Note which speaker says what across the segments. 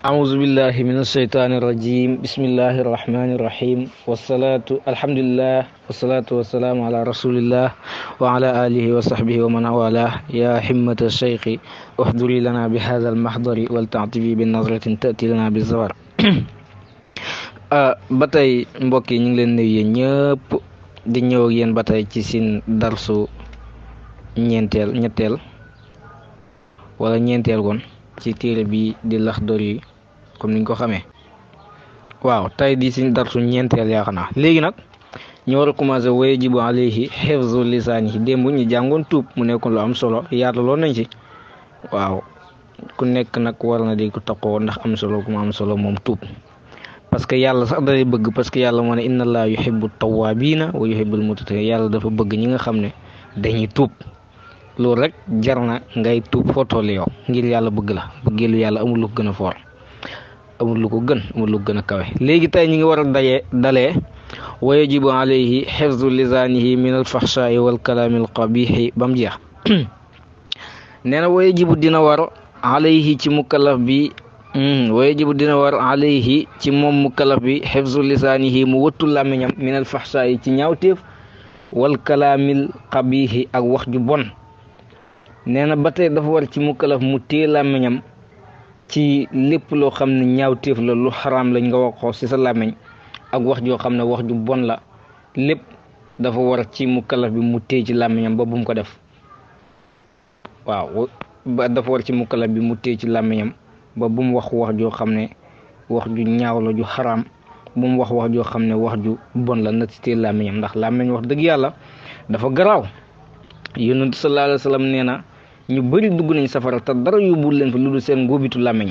Speaker 1: أعوذ بالله من الشيطان الرجيم بسم الله الرحمن الرحيم والصلاة الحمد لله والصلاة والسلام على رسول الله وعلى آله وصحبه ومن والاه يا حمة الشيخ احضري لنا بهذا المحضر ولتعطفي بنظرة تأتي لنا بالزوار batay mbokk yi ñu ngi leen nuyu yéen ñëpp di ñëw ak yéen batay ci seen darsu ñeenteel ñetteel wala ñeenteel kon ci téere bi di Laxdari comme ni niñ ko xamee waaw tay di suñ darsu ñeenteel yaa xanaa léegi nag ñu war a commencé waye jibu alayhi xifzu lisaani démb ñu jàngoon tuub mu nekkoon lu am solo yaatu loon nañ ci waaw ku nekk nag war na di ko taqoo ndax am solo ku mu am solo moom tuub parce que yàlla sax dalay bëgg parce que yàlla moo ne inna allaha yuhibbu tawaabiina wa yuhibbul mutatahhirin yàlla dafa bëgg ñi nga xam ne dañuy tuub loolu rek jar na ngay tuub foo toll yow ngir yàlla bëgg la bëggeelu yàlla amul lu gën a foor amul lu ko gën amul lu gën a kawe léegi tey ñi ngi war a dajee dalee wa yajibu alayhi xifdu lisaanihi min alfaxshaai walkalaami alqabixi ba mu jeex nee na wa yajibu dina war alayhi ci mukallaf bi mm, wa yajibu dina war alayhi ci moom mu mukallaf bi xifdu lisaanihi mu wëttu làmmiñam min alfaxshaai ci ñaawteef walkalaamil qabixi ak wax ju bon nee na ba dafa war ci mukallaf mu téye làmmiñam ci lepp lo xamne ñaawteef la lu haram lañ nga ko ci sa lamagne ak wax jo xamne wax ju bon la lepp dafa war ci mukallaf bi mu téye ci lamagne ba bum ko def waaw ba dafa war ci mukallaf bi mu téye ci lamagne ba bum wax wax jo xamne wax ju ñaaw la ju xaraam bum wax wax jo xamne wax ju bon la na ci lamagne ndax lamagne wax deug yalla dafa graw yunus sallallahu alaihi wasallam neena ñu bëri dugg nañ safara te dara yóbbul leen fa lu dul seen ngóobitu làmmiñ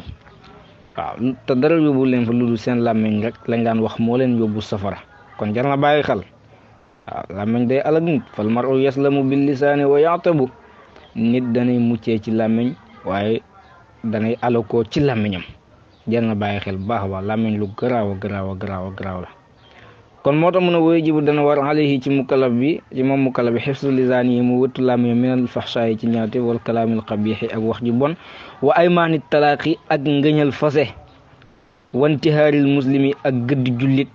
Speaker 1: waaw te dara yóbbul leen fa lu dul seen làmmiñ rek lañ daan wax moo leen yóbbu safara kon jar na bàyyi xel waaw làmmiñ day alag nit fal maru yaslamu bil lisaani wa yaatabu nit danay muccee ci làmmiñ waaye danay alakoo ci làmmiñam jar na bàyyi xel baax a baax làmmiñ lu garaaw a garaaw a garaaw a garaaw la kon moo tax na ne woy jibu dana war alayhi ci mukallaf bi ci moom mukallaf bi xifsu lisaan yi mu wëttu laam yi minal faxshaa yi ci ñaawte wal kalaamil xabiixi ak wax ji bon wa aymaani talaaqi ak ngëñal fase wantihaaril muslimi ak gëdd jullit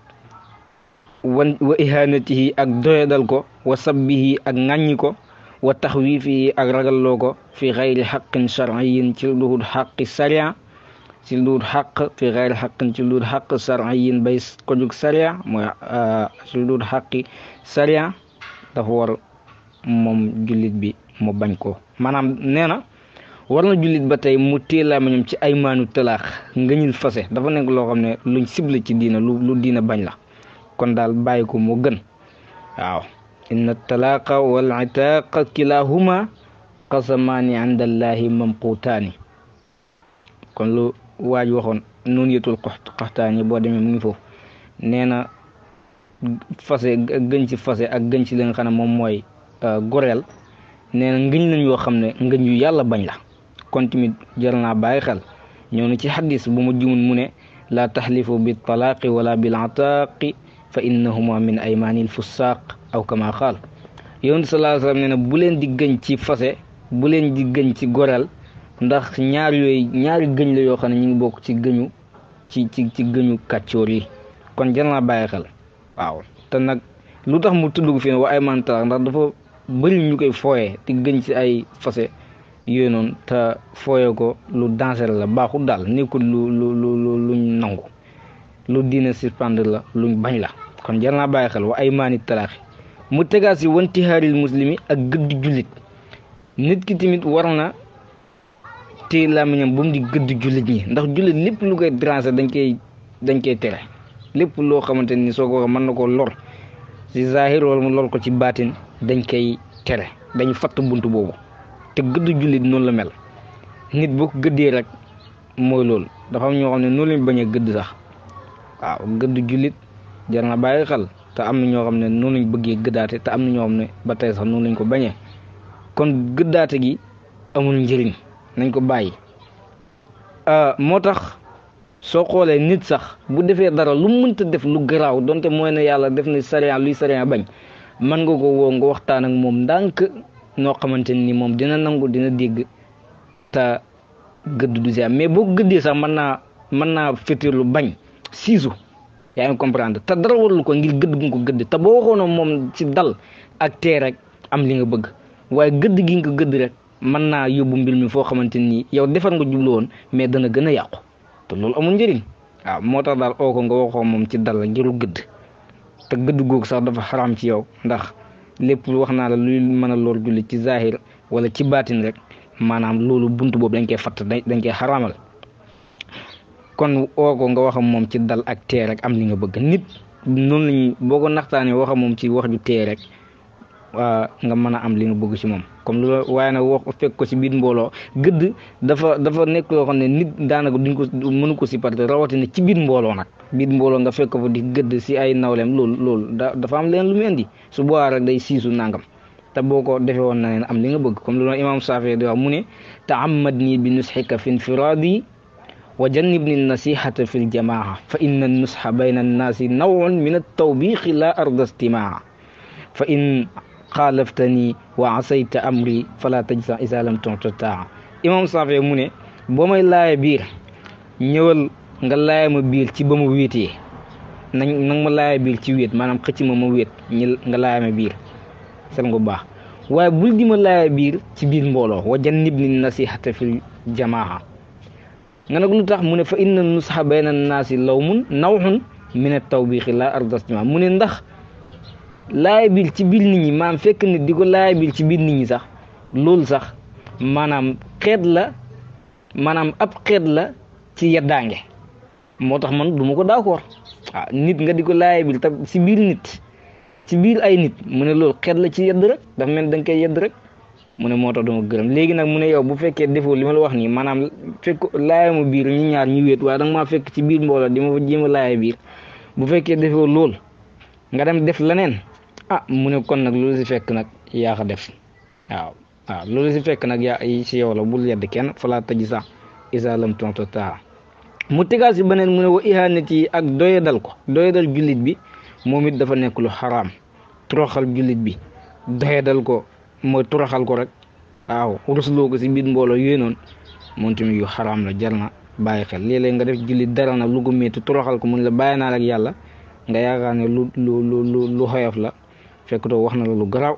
Speaker 1: wan wa ihanatihi ak doyadal ko wa sabbihi ak ŋàññi ko wa taxwiifihi ak ragalloo ko fi xayri xaqin sharciyin ci lu duhul xaqi ci luut xaq fi xayri xaqin ci luut xaq sarciyin bay ko jug sariya mooy euh, ci luut xaqi sariya dafa war moom jullit bi mu bañ ko maanaam nee na war na jullit ba tey mu téelaa ma ñoom ci ay maanu talaax nga ñul fase dafa nekk loo xam ne luñ cible ci diina lu diina bañ la kon daal bàyyi ko moo gën waaw inna talaaqa wal itaaqa kilahuma qasamaani inda allahi mamquutaani kon lu waaj waxoon nun yetul xaxtaani boo demee mu ngi foofu nee na fase gën ci fase ak gën ci li moom mooy euh, goreel nee na ngëñ yoo xam ne ngëñ yu yàlla bañ la kon tamit jar naa bàyyi xel ñëw na ci xadis bu ma jumun mu ne laa taxlifu bi talaaqi wala bil ataaqi fa innahuma min aymaanil fusaaq aw kama qaal yonent sallallahu alayhi wa sallam bu leen di gëñ fase bu di gëñ ci goreel ndax ñaar yoy ñaari gëñ la yoo xam ne ñu ngi bokk ci gëñu ci ci ci gëñu kàccoor yi kon jar naa bàyyi xel waaw te nag lu tax mu tudd fi fii wa ay mantar ndax dafa bëri ñu koy fooyee di gëñ ci ay fase yooyu noonu te fooyee ko lu danser la baaxul daal nekkul lu lu lu lu luñ nangu lu diine suspendre la luñ bañ la kon bàyyi xel wa ay maani talaaxi mu tegaat wanti muslimi ak gëdd julit nit ki timit war téye làmmiñam bu mu di gëdd jullit ñi ndax jullit lépp lu koy déranger dañ koy dañ koy tere lépp loo xamante ni soo ko mën na ko lor si zahir wala mu lor ko ci baatin dañ koy tere dañ fatt bunt boobu te gëdd jullit noonu la mel nit boo ko gëddee rek mooy loolu dafa am ñoo xam ne noonu lañ bañ a gëdd sax waaw gëdd jullit jar na bàyyi xel te am na ñoo xam ne noonu lañ bëggee gëddaate te am na ñoo xam ne ba tey sax noonu lañ ko bañee kon gëddaate gi amul njëriñ nañ ko bàyyi euh, moo tax soo xoolee nit sax bu defee dara lu mënta def lu garaaw donte mooy na yàlla def na sariya luy sariya bañ mën nga ko woo nga waxtaan ak moom ndànk noo xamante ni moom dina nangu dina dégg te gëdd du si am mais boo gëddee sax mën naa mën naa fétirlu bañ siisu yaa ngi comprendre te dara warlu ko ngir gëdd gi ko gëdd te boo waxoonoon moom ci dal ak tee rek am li nga bëgg waaye gëdd gi nga gëdd rek mën naa yóbbu mbir mi foo xamante nii yow defar nga jublu woon mais dana gën a yàqu te loolu amul njëriñ waaw ah, moo tax daal oo ko nga waxoo moom ci dal ngiru gëdd te gëdd googu sax dafa xaraam ci yow ndax lépp wax naa la luy mën a loor julli ci zahir wala ci baatin rek maanaam loolu buntu boobu dañ koy fatt dañ koy xaraamal kon oo nga wax moom ci dal ak tee rek am li nga bëgg nit noonu lañuy boo ko naxtaanee wax moom ci wax ju tee rek ah, nga mën a am li nga bëgg ci moom comme lu waaye nag wax fekk ko ci biir mbooloo gëdd dafa dafa nekk loo xam ne nit daanaka duñ ko mënu ko supporter rawatina ci biir mbooloo nag biir mbooloo nga fekk fa di gëdd si ay nawleem loolu loolu dafa am leen lu mu indi su boobaa rek day siisu nangam te boo ko defee woon na leen am li nga bëgg comme lu imaam Saafi di wax mu ne taamad nii bi nusxika fi infiraadi wa jannibni nasihata fi ljamaa fa inna nusxa bayna annaasi nawun min altawbiqi la arda istimaa fa in xaalaftani wa asayta amri fala tajsa isa lam tontu taa imam Saafi mu ne boo may laaya biir ñëwal nga laaya ma biir ci ba ma wéetee nañ nag ma laaya biir ci wéet maanaam xëcc ma ma wéet ñi nga laaya ma biir seen bu baax waaye bul di ma laaya biir ci biir mbooloo wa jannib ni nasihata fil jamaa nga nag lu tax mu ne fa inna nusxa na naasi lawmun nawxun min at tawbiixi laa ardas jama mu ne ndax laay bil ci biir nit ñi maam fekk nit di laay bil ci biir nit ñi sax loolu sax maanaam xeet la maanaam ab xeet la ci yeddaange moo tax man du ma ko d'accord ah nit nga di ko laay bil tam ci biir nit ci biir ay nit mu ne loolu xeet la ci yedd rek dafa mel da nga koy yedd rek mu ne moo tax dama gërëm léegi nag mu ne yow bu fekkee defoo li ma la wax nii maanaam fekk laayama biir ñi ñaar ñu wet waaye da ma fekk ci biir mbooloo di ma fa jéem a biir bu fekkee defoo lool nga dem def leneen ah mu ne kon nag loolu si fekk nag yaa def waaw waaw loolu si fekk nag yaa si yow la bul yedd kenn falaa taji sax isa lam tonto taa mu tegaat si beneen mu ne wa ihanit yi ak doyadal ko doyadal jullit bi moom it dafa nekk lu xaraam troxal jullit bi doyadal ko mooy toroxal ko rek waaw rusloo ko si biir mbooloo yooyu noonu moom tamit yu xaraam la jar na bàyyi xel léeg-léeg nga def jullit dara nag lu ko métti toroxal ko mun la bàyyi naa ak yàlla nga yaakaar ne lu lu lu lu xoyof la fekk doo wax na la lu garaw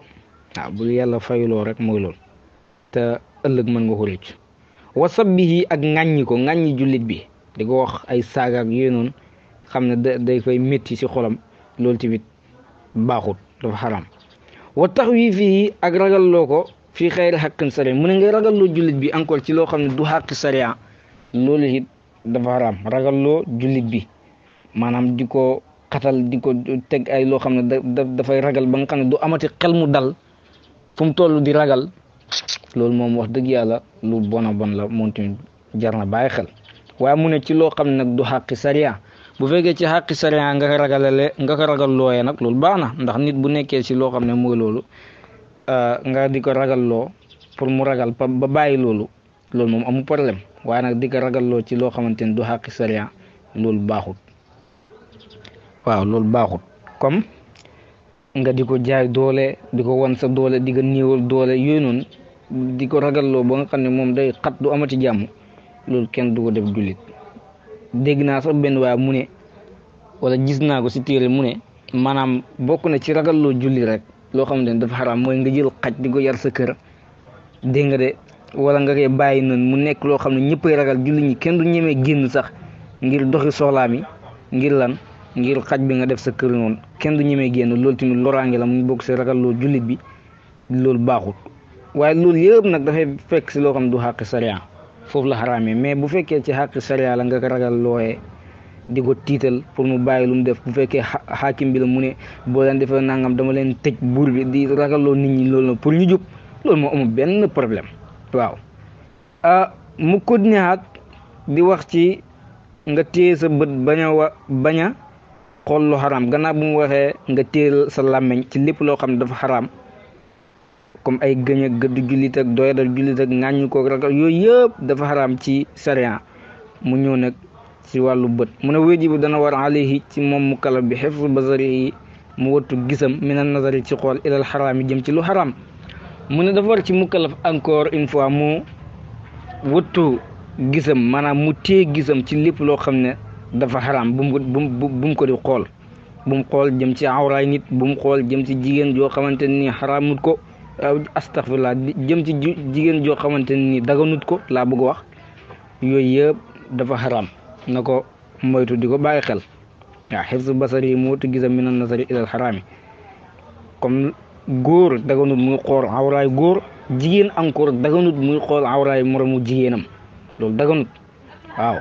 Speaker 1: waaw bu yàlla fayuloo rek mooy lool te ëllëg mën nga ko rëcc wasab bi ak ŋàññi ko ŋàññi jullit bi di ko wax ay saaga ak yooyu noonu xam ne day koy metti si xolam loolu tamit baaxut dafa xaram wa tax wii fii ak ragal loo ko fii xayri xaqin sariya mu ne ngay ragal loo jullit bi encore ci loo xam ne du xàq sariya loolu it dafa xaram ragal jullit bi maanaam di ko xatal di ko teg ay loo xam ne dafay ragal ba nga xam du amati xel mu dal fu mu toll di ragal loolu moom wax dëgg yàlla lu bona bon la moom tamit jar na bàyyi xel waaye mu ne ci loo xam ne nag du xàqi sariya bu fekkee ci xàqi sariya nga ko ragalale nga ragal nag loolu baax na ndax nit bu nekkee ci loo xam ne mooy loolu euh, nga di ko ragal pour mu ragal ba bàyyi loolu loolu moom amu problème waaye nag di ko ragal loo ci loo xamante ne du xàqi sariya loolu baaxul waaw loolu baaxut comme nga di ko jaay doole di ko wan sa doole di ko néewal doole yooyu noonu di ko ragalloo ba nga xam ne moom day xat du amati jàmm loolu kenn du ko def jullit dégg naa sax benn waaye mu ne wala gis naa ko si téere mu ne maanaam bokk na ci ragalloo jullit rek loo xam ne dafa xaraam mooy nga jël xaj di ko yar sa kër dégg nga de walla nga koy bàyyi noonu mu nekk loo xam ne ñëppay ragal jullit ñi kenn du ñeme génn sax ngir doxi soxlaa mi ngir ngir xaj bi nga def sa kër noonu kenn du ñemee génn loolu tamit loraange la mu bokk si ragaloo loolu jullit bi loolu baaxul waaye loolu yëpp nag dafay fekk si loo xam du xàq sariya foofu la xaraamee mais bu fekkee ci xàq sariya la nga ragal looyee di ko tiital pour mu bàyyi lu mu def bu fekkee xaakim bi la mu ne boo leen defee nangam dama leen tëj buur bi di ragaloo nit ñi loolu na pour ñu jub loolu moo amul benn problème waaw ah, mu ko di wax ci nga téye sa bët a wa bañ xool lu xaraam gannaaw bu mu waxee nga téel sa làmmiñ ci lépp loo xam ne dafa xaraam comme ay gëñ gëdd jullit ak doyadal jullit ak ŋàññu ko ragal yooyu yëpp dafa xaraam ci sariya mu ñëw nag ci wàllu bët mu ne wajibu dana war alayhi ci moom mu kalaf bi xifsu basari mu wattu gisam min an nazari ci xool ilal xaraam jëm ci lu mu ne dafa war ci mukkalaf encore une fois mu wattu gisam maanaam mu téye gisam ci lépp loo xam ne dafa xaram bu mu bu mu ko di xool bu mu xool jëm ci awraay nit bu mu xool jëm ci jigéen joo xamante nii xaramut ko astaghfirullah jëm ci jigéen joo xamante nii daganut ko laa bëgg wax yooyu yëpp dafa xaraam na ko moytu di ko bàyyi xel waaw xifsu basari yi mootu gisam min an nasari ilal xaraami comme góor daganut muy xool awraay góor jigéen encore daganut muy xool awraay moromu jigéenam loolu daganut waaw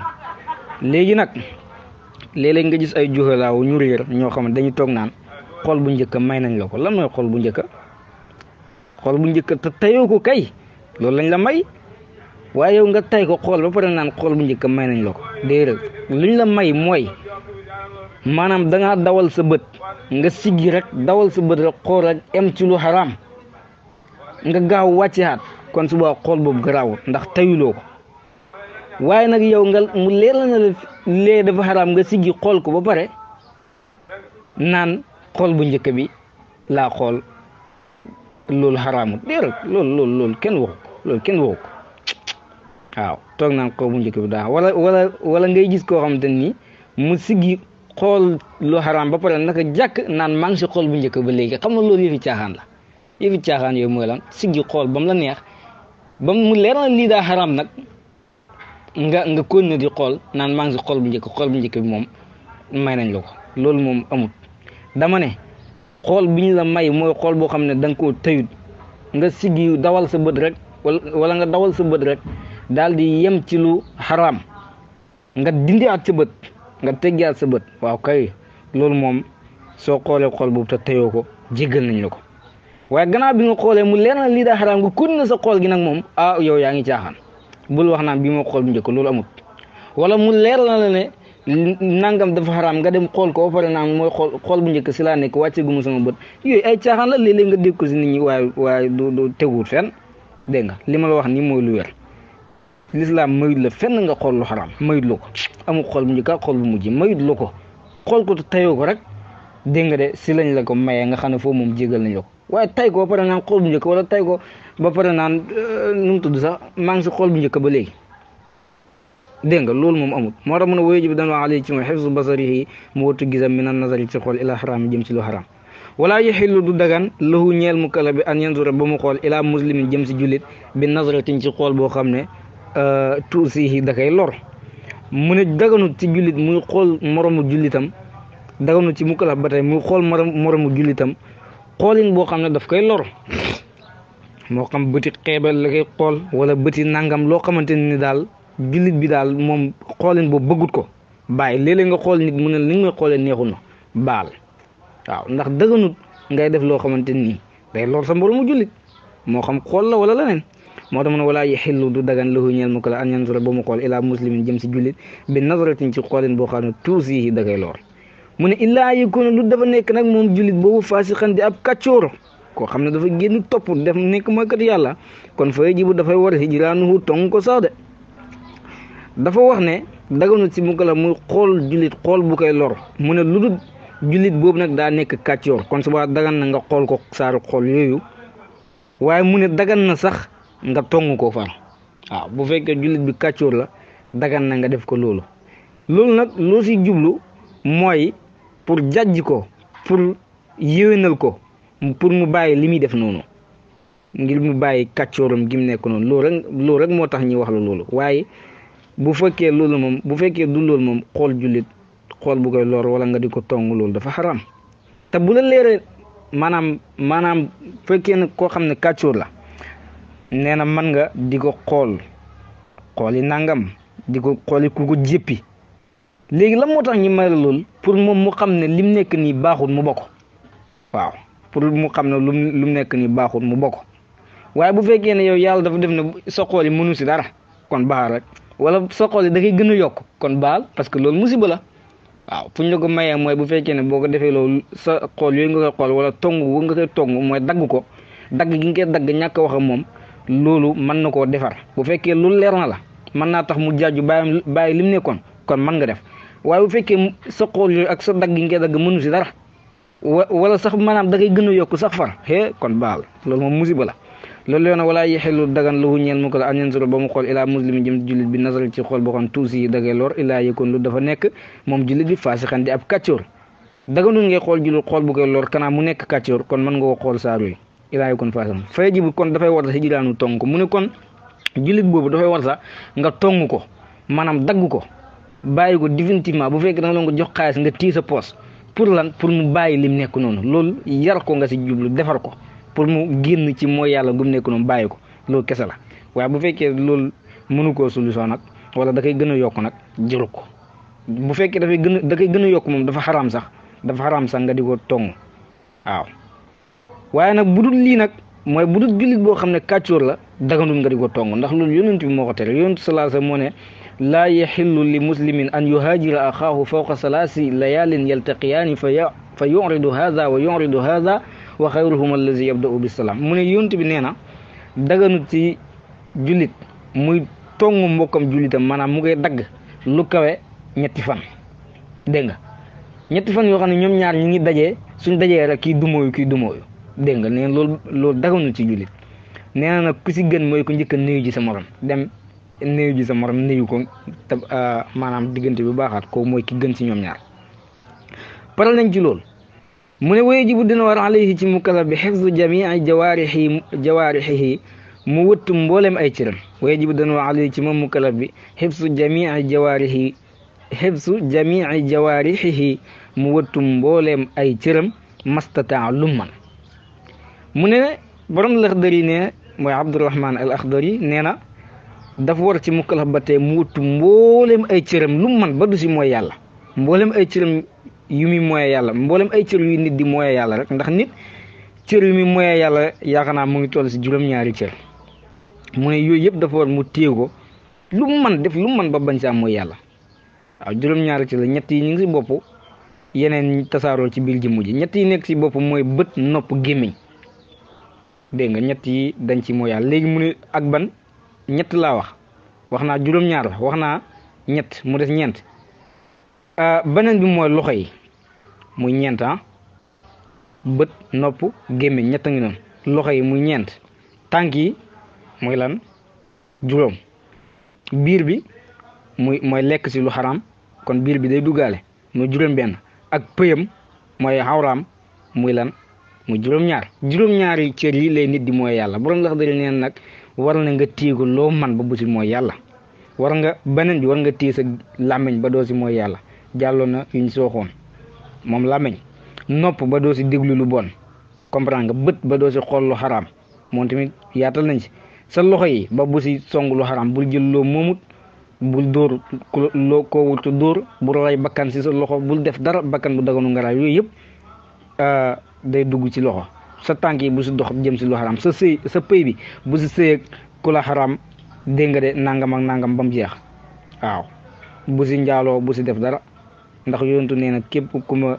Speaker 1: léegi nag léeg nga gis ay juxalaaw ñu réer ñoo xam ne dañu toog naan xool bu njëkk may nañ la ko lan mooy xol bu njëkk xool bu njëkk te tayoo ko kay loolu lañ la may waaye yow nga tay ko xool ba pare naan xol bu njëkk may nañ la ko déedéet luñ la may mooy maanaam da dawal sa bët nga siggi rek dawal sa bët rek xool rek em ci lu xaraam nga gaaw wàcce xaat kon su baa xool boobu garaawul ndax tayuloo ko waaye nag yow nga mu leer la na lee dafa xaraam nga siggi xool ko ba pare naan xool bu njëkk bi laa xool loolu xaraamut déedéet loolu lool lool kenn waxu lool kenn waxu ko waaw toog naan xool bu njëkk bi daa wala wala wala ngay gis koo xamante ni mu siggi xool lu xaraam ba pare naka jàkk naan maa si xool bu njëkk ba léegi xam nga loolu yëfi caaxaan la yëfi caaxaan yooyu mooy lan siggi xool ba mu la neex ba mu leer na lii daa xaraam nag nga nga continuer di xool naan maa ngi si xool bu njëkk xool bu njëkk bi moom may nañ la ko loolu moom amut dama ne xool bi ñu la may mooy xool boo xam ne da koo tëyut nga siggi dawal sa bët rek wala nga dawal sa bët rek daal di yem ci lu xaraam nga dindiwaat sa bët nga teggiwaat sa bët waaw kay loolu moom soo xoolee xool boobu te tëyoo ko jéggal nañ la ko waaye gannaaw bi nga xoolee mu leer lii daa xaraam nga continuer sa xool gi nag moom ah yow yaa ngi caaxaan bul wax naan bii moo xool bu njëkk loolu amut wala mu leer la la ne nangam dafa xaraam nga dem xool ko ba pare mooy xool xool bu njëkk si laa nekk wàcce gu mu sama bët yooyu ay caaxaan la léeg nga dégg ko si nit ñi waaye waaye du du fen fenn dégg nga li ma wax nii mooy lu wér lislaam mayut la fenn nga xool lu xaraam mayut la ko amul xool bu njëkk xool bu mujj mayut la ko xool ko tayoo ko rek. dégg nga de si lañ la ko mayee nga xam ne foofu moom jégal nañ la ko waaye tay ko ba pare naan xool bu njëkk wala tay ko ba pare naan euh, nu mu tudd sax maa ngi si xool bu njëkk ba léegi dégg nga loolu moom amul moo tax mu ne woyu ji bi daan wax alay ci moom xifsu basarihi mu wattu gisam mi a nazari ci xool ila xaraam jëm ci lu xaraam wala yaxillu du dagan lahu ñeel mu kala bi an yanzura ba mu xool ila muslimin jëm si jullit bi nazratin ci xool boo xam ne euh, tuusihi da kay lor mu ne daganut ci jullit muy xool moromu jullitam dagaw na ci mukkalaf ba tey muy xool morom moromu jullitam xoolin boo xam ne daf koy lor moo xam bëti xeebal la koy xool wala bëti nangam loo xamante nii daal jullit bi daal moom xoolin boo bëggut ko bàyyi léeg-léeg nga xool nit mun ne li nga may xoolee neexul na baal waaw ndax dëgganut ngay def loo xamante nii day lor sa moromu jullit moo xam xool la wala leneen moo tax mu ne walaa yaxillu du dagan lahu ñeel mu ko la an yansura ba mu xool ilaa muslimin si jullit bi nazaratin ci boo xam ne tuusi da koy lor mu ne illaa yakuna lu dafa nekk nag moom julit boobu faasixan di ab kàccoor koo xam ne dafa génn topp def nekk mooykat yàlla kon fa jibu dafay war hijraanuhu tong ko sax de dafa wax ne daganut si mu ko la muy xool jullit xool bu koy lor mu ne lu dul julit boobu nag daa nekk kàccoor kon subaa dagan na nga xool ko saaru xool yooyu waaye mu ne dagan na sax nga tong ko far waaw bu fekkee julit bi kàccoor la dagan na nga def ko loolu loolu nag loo si jublu mooy pour jàjj ko pour yéwénal ko pour mu bàyyi li muy def noonu ngir mu bàyyi kàccooram gi mu nekk noonu loolu rek moo tax ñuy wax la loolu waaye bu fekkee loolu moom bu fekkee du loolu moom xool jullit xool bu koy lor wala nga di ko tongu loolu dafa xaram te bu la leeree maanaam maanaam fekkee ne koo xam ne kàccoor la nee na mën nga di ko xool xooli nangam di ko xooli ku jéppi léegi lan moo tax ñu may la loolu pour moom mu xam ne lim nekk nii baaxul mu bokk waaw pour mu xam ne lum lu mu nekk nii baaxul mu bokk waaye bu fekkee ne yow yàlla dafa def ne sa xool yi mënu si dara kon baaxal rek wala sa xool yi da koy gën a yokk kon baal parce que loolu musiba la waaw fu ñu la ko mayee mooy bu fekkee ne boo ko defee loolu sa xool yooyu nga koy xool wala tong wu nga koy tong mooy dagg ko dagg gi nga koy dagg ñàkk wax ak moom loolu mën na koo defar bu fekkee loolu leer na la mën naa tax mu jaaju bàyyi bàyyi lim nekkoon kon mën nga def waaye bu fekkee sa xool yooyu ak sa dagg yi ngay dagg mënu si dara wala sax maanaam da ngay a yokk sax far xé kon baal loolu moom musiba la loolu yoon walaa yexelu dagan lahu ñeel mu a la an yansura ba mu xool ilaa muslim jëm jullit bi nasara ci xool boo xam tuusi yi dagay lor ilaa yëkkoon lu dafa nekk moom jullit bi faasixan di ab kàccoor daganul ngay xool jullit xool bu koy lor kanaa mu nekk kàccoor kon mën nga ko xool saa yooyu ilaa yëkkoon faasixan fay jibu kon dafay war si jiraanu tong ko mu ne kon jullit boobu dafay war sa nga tong ko maanaam dagg ko bàyyi ko définitivement bu fekkee da nga jox xaalis nga tii sa poos pour lan pour mu bàyyi lim nekk noonu loolu yar ko nga si jublu defar ko pour mu génn ci mooy yàlla gum nekk noonu bàyyi ko loolu kese la waaye bu fekkee loolu mënu koo solution nag wala da koy gën a yokk nag jëru ko bu fekkee dafay gën a gën a yokk moom dafa xaraam sax dafa xaraam sax nga di ko tong waaw waaye nag bu dul lii nag mooy bu dul jullit boo xam ne kàccoor la daganul nga di ko tong ndax loolu yonent bi moo ko tere yonent sallallahu alayhi moo ne laa yaxillu li muslimin an yuhaajira axaahu fawqa salaasi layaalin yaltaqiyaani fa yuridu haada wa yuridu haada wa xayruhum allazi yabda'u bisalaam mu ne yonent nee na daganu ci jullit muy tongu mbokkam jullitam maanaam mu koy dagg lu kawe ñetti fan dégg nga ñetti fan yoo xam ne ñoom ñaar ñi ngi dajee suñ dajee rek kii dumóoyu kii dumóoyu dégg nga na loolu loolu daganu ci julit nee na nag ku si gën mooy ku njëkk a nuyu sa morom néew ji sa morom néew ko te euh, maanaam diggante bi baaxaat ko mooy ki gën ci ñoom ñaar paral nañ ci loolu mu ne waye jibu dina war alayhi ci mukallaf bi xifzu jamii jawaarihi jawaarihi mu wëtt mboolem ay ciram waye jibu dina war ci moom mukallaf bi xifzu jamii jawaarihi xifzu jamii jawaarihi mu wëttu mboolem ay cëram mastataa lumman mu ne borom laxdari ne mooy Abdurahman al Axdari nee na dafa war ci mukallaf ba mutu mu wutu ay cëram lu man ba du si moyala yalla mboolem ay cëram yu muy mooy yàlla mboolem ay cër yu nit di moy yalla rek ndax nit cër yu muy mooy yàlla mu ngi toll si julum ñaari cër mu ne yoy yeb dafa war mu teego lu man def lu man ba bañ sa moy yalla julum ñaari cër la ñet yi ngi si bopp yeneen tasaaroo ci bil jëmm ji ñett yi nek si bop moy bët nopp gemi dégg nga ñet yi dañ ci moy yalla legi mu ne ak ban ñett la wax wax naa juróom-ñaar la wax naa ñett mu des ñeent euh, beneen bi mooy loxo yi muy ñeent ah bët nopp gémmiñ ñett ngi noonu loxo yi muy ñeent tànk yi muy lan juróom biir bi muy mooy lekk si lu kon biir bi day duggaale muy juróom benn ak pëyam mooy xawraam muy lan muy juróom-ñaar juróom-ñaar yi cër yi lay nit di mooy yàlla borom lax dëri neen nag war na nga tiigu loo man ba bu si mooy yàlla war nga beneen bi war nga tii sa làmmiñ ba doo si mooy yàlla jàlloon na yuñ sooxoon moom làmmiñ nopp ba doo si déglu lu bon comprendre nga bët ba doo si xool lu xaraam moom tamit yaatal nañ si sa loxo yi ba bu song lu xaraam bul jël loo moomut bul dóor loo dóor bu ray bakkan si sa loxo bul def dara bakkan bu daganu nga raay yooyu yëpp euh, day dugg ci loxo sa tànk yi bu si dox jëm si lu xaram sa sëy sa pëy bi bu si sëyeeg ku la xaram dégg nga de nangam ak nangam ba mu jeex waaw bu si njaaloo bu si def dara ndax yonentu nee na képp ku ma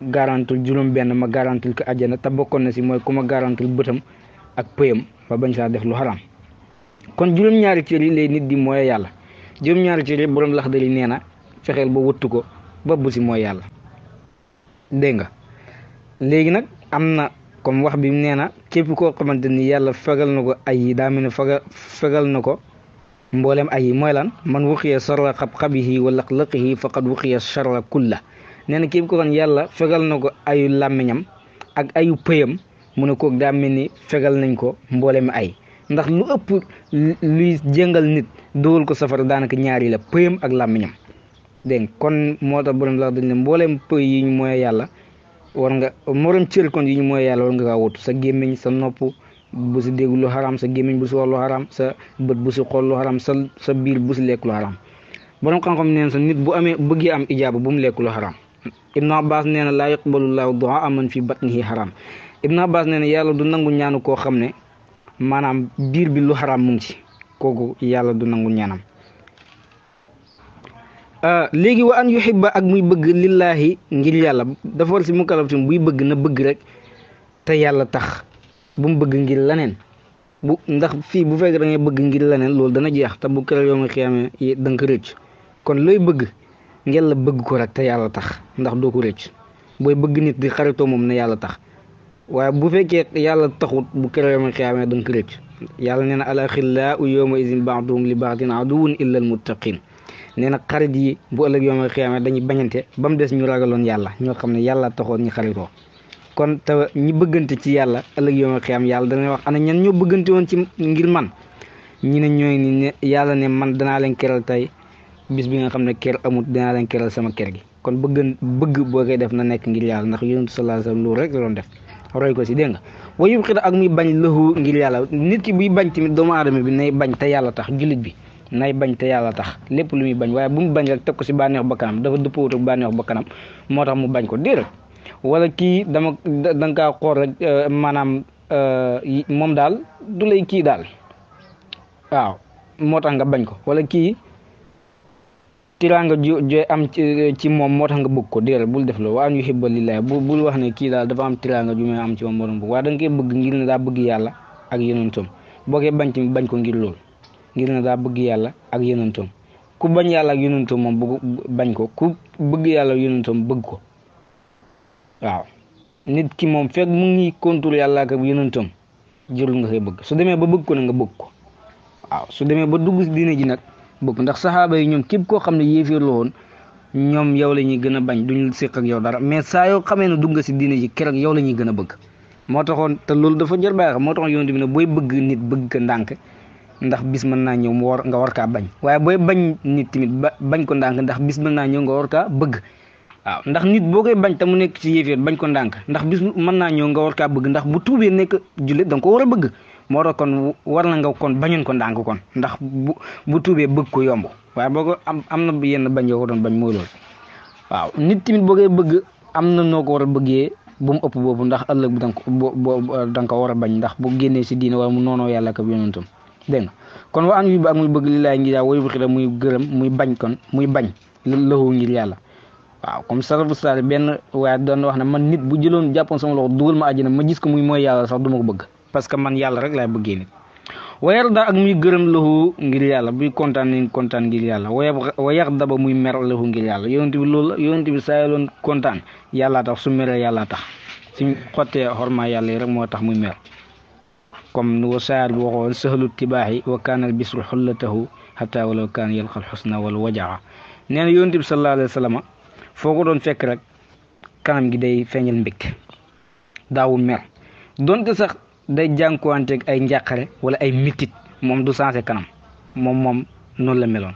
Speaker 1: garantul juróom benn ma garantul ko àjjana te bokkoon na si mooy ku ma garantul bëtam ak pëyam ba bañ saa def lu xaram kon juróom-ñaari cër yi lay nit di mooy yàlla juróom-ñaari cër yi borom lax dali nee na fexeel ba wëttu ko ba bu si mooy yàlla dégg léegi nag am na comme wax bi nee na képp koo xamante ni yàlla fegal na ko ay yi daa mel ni faga fegal na ko mboolem ay yi mooy lan man wuxiya sarra xab-xabihi wa laq-laqihi faqad wuxiya sarra la nee na képp ko xam yàlla fegal na ko ayu làmmiñam ak ayu pëyam mu ne koog daa mel ni fegal nañ ko mboolem ay ndax lu ëpp luy jëngal nit dugal ko safara daanaka ñaari la pëyam ak làmmiñam dégg kon moo tax borom la dañ pëy yi mooy yàlla war nga morom cër kon yi ñu mooy yàlla war nga kaa wut sa gémmiñ sa nopp bu si dégg lu xaram sa gémmiñ bu si wax lu xaram sa bët bu si xool lu sa sa biir bu si lekk lu xaram borom xam-xam neen sa nit bu amee bëggee am ijaaba bu mu lekk lu xaram Ibn Abbas nee na laa yaqbalullaahu duaa aman fi batnihi xaram Ibn Abbas nee na yàlla du nangu ñaanu koo xam ne maanaam biir bi lu xaram mu ngi ci kooku yàlla du nangu ñaanam Euh, léegi wa an yuhibba ak muy bëgg lillaahi ngir yàlla dafa war si mukallafam buy bëgg na bëgg rek te yàlla tax bu mu bëgg ngir leneen bu ndax fii bu fekk da ngay bëgg ngir leneen loolu dana jeex te bu keroog yoo nga dënk da rëcc kon looy bëgg ngeen la bëgg ko rek te yàlla tax ndax doo ko rëcc booy bëgg nit di xaritoo moom na yàlla tax waaye bu fekkee yàlla taxut bu keroog yoo nga xiyamee rëcc yàlla nee na al axillaa u yawma izin ba'duhum li ba'din aduwwun illa al muttaqin nee na xarit yi bu ëllëg yooma xiyaama dañuy bañante ba mu des ñu ragaloon yàlla ñoo xam ne yàlla taxoon ñu ko kon te ñi bëggante ci yàlla ëllëg yooma xiyaama yàlla danay wax ana ñan ñoo bëggante woon ci ngir man ñi ne ñooy ni yàlla ne man danaa leen keral tey bis bi nga xam ne ker amut danaa leen keral sama ker gi kon bëgg bëgg boo koy def na nekk ngir yàlla ndax yonent sallallahu lu wasallam loolu rek la def roy ko si dégg nga wayub xita ak muy bañ lëxu nit ki buy bañ tamit doomu aadama bi nay bañ te yàlla tax jullit bi nay bañ te yàlla tax lépp lu muy bañ waaye bu mu bañ rek teg ko si bànneex kanam dafa dëppoo ak bànneex bakkanam moo tax mu bañ ko déedéet wala kii dama da nga kaa xool rek euh, maanaam euh, moom daal du lay kii daal waaw moo tax nga bañ ko wala kii tiranga ju joy am ci moom moo tax nga bëgg ko déedéet bul def loolu wa an yuhibba lillahi bu bul wax ne kii daal dafa am tiraanga ju may am ci moom moo doon bëgg waaye da nga koy bëgg ngir ne daa bëgg yàlla ak yeneen tam boo koy bañ ci bañ ko ngir loolu ngir ne daa bëgg yàlla ak yonentam ku bañ yàlla ak yonentam moom bëgg bañ ko ku bëgg yàlla ak yonentam bëgg ko waaw nit ki moom fekk mu ngi contrôle yàlla ak yonentam jërul nga koy bëgg su demee ba bëgg nga bëgg ko waaw su demee ba dugg si diine ji nag bëgg ndax saxaaba yi ñoom képp koo xam ne yéeféer la woon ñoom yow la ñuy gën a bañ duñu séq ak yow dara mais saa yoo xamee ne dugg nga si diine ji keroog yow la ñuy gën a bëgg moo taxoon te loolu dafa jër xam moo taxoon yonent bëgg nit bëgg ko ndànk ndax bis man na ñew mu war nga war ka bañ waye boy bañ nit timit bañ ko ndank ndax bis man na ñew nga war ka bëgg waaw ndax nit boo koy bañ te mu nekk ci yéeféer bañ ko ndank ndax bis man na ñew nga war ka bëgg ndax bu tuubé nekk julé da nga ko war bëgg mo tax kon war na nga kon bañun ko ndank kon ndax bu tuubé bëgg ko yomb waye boko ko am am na yenn bañ yoo doon bañ mo loolu waaw nit timit boo koy bëgg amna noko wara bëggé bu mu ëpp ndax ëllëg bu ko dang ko wara bañ ndax bu génné ci diine wala mu nono yalla ak yonentum dégg nga kon wa an yu ba ak muy bëgg li laay ngir yàlla woyu xira muy gërëm muy bañ kon muy bañ lëxu ngir yalla waaw comme sarafu sari ben wa don wax na man nit bu jëlone japon sama loxo dugal ma àjjana ma gis ko muy moy yalla sax duma ko bëgg parce que man yalla rek lay bëggee nit wayar da ak muy gërëm lëxu ngir yalla bu kontaan ni kontaan ngir yalla wayax da ba muy mer lëxu ngir yalla yoonte bi lool yoonte bi sayalon yoloon yalla tax su meree yalla tax ci xotte horma yalla rek mo tax muy mer comme nu saar bi waxoon sëxlu tibaaxi wa kaanal bisru xullatahu xata walaw kaan yalqal xusna wal wajaa nee na yonent bi sallallahu alayhi wa sallam foo ko doon fekk rek kanam gi day feeñal mbégte daawul mer donte sax day jànkuwanteeg ay njàqare wala ay mitit moom du sensé kanam moom moom noonu la meloon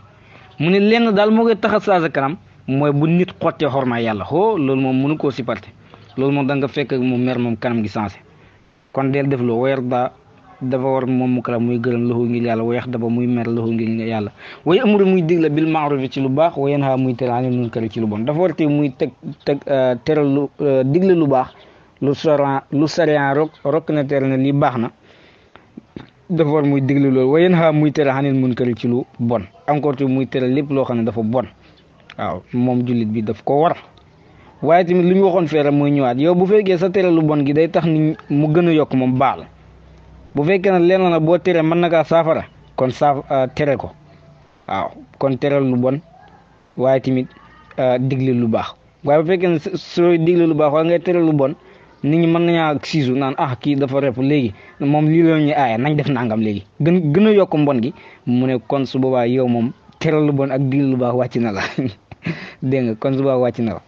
Speaker 1: ne lenn daal moo koy tax a kanam mooy bu nit xottee xorma yàlla xoo loolu moom mënu koo supporté loolu moom da fekk mu mer moom kanam gi sensé kon del def lu dafa war moom mu kalam muy gërëm lahu ngir yàlla wa dafa muy mer lahu ngir yàlla way amuru muy digle bil maaruf ci lu baax wa yanha muy tere anil munkar ci lu bon dafa war te muy teg teg eh, teral lu eh, digle lu baax lu sarian lu sarian rok rok na tere na li baax na dafa war muy digle loolu wayen yanha muy tere anil munkar ci lu bon encore te muy tere lépp loo xam ne dafa bon waaw moom jullit bi daf ko war waaye tamit lu ñu waxoon feere mooy ñëwaat yow bu fekkee sa tere lu bon gi day tax ni mu gën a yokk moom baal bu fekkee ne lenn na boo teree man na kaa saafara kon saaf ah, tere ko waaw kon tereel lu bon waaye tamit ah, digle lu baax waaye bu fekkee ne sooy digle lu baax wala ngay tere lu bon nit ñi mën nañaa siisu naan ah kii dafa rep léegi moom lii la ñuy nañ def nangam léegi gën gën a yokk mbon gi mu ne kon su boobaa yow moom tere lu bon ak digle lu baax wàcc na la dégg kon su boobaa wàcc na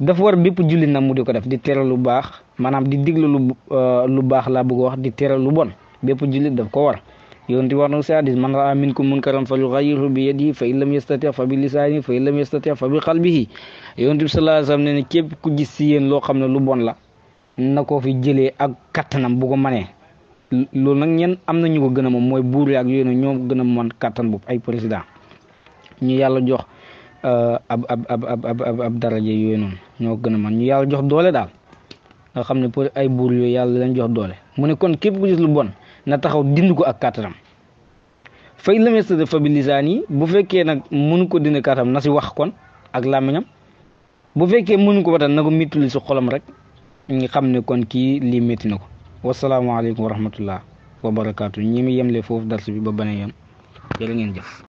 Speaker 1: dafa war bépp julli na mu di ko def di téral lu bax manam di diglu lu euh, lu bax la bëgg wax di téral lu bon bépp julli daf ko war yonent bi na si man ra minkum munkaran yughayyiru bi yadihi fa illam yastati fa bi lisanihi fa illam yastati fa bi qalbihi yonent bi sallallahu alayhi wasallam ne kep ku gis ci yeen lo xamne lu bon la nako fi jëlé ak katanam bu ko mané loolu nak ñen amna ñu ko gëna mom moy mooy ak yooyu ñoo gën a ay président ñu yalla jox euh, ab ab ab ab ab ab daraje yoonu ñoo gën a man ñu yàlla jox doole daal nga xam ne pour ay buur yooyu yàlla lañ jox doole mu ne kon képp ku gis lu bon na taxaw dind ko ak kàttanam fay lamesta de fa bi lisaan yi bu fekkee nag mënu ko dind kàttanam na si wax kon ak làmmiñam bu fekkee mënu ko batal na ko méttuli si xolam rek ñu xam ne kon kii lii metti na ko wasalaamaaleykum wa rahmatullah wa ñii mu mi yemle foofu dars bi ba bane yoon jërë ngeen jëf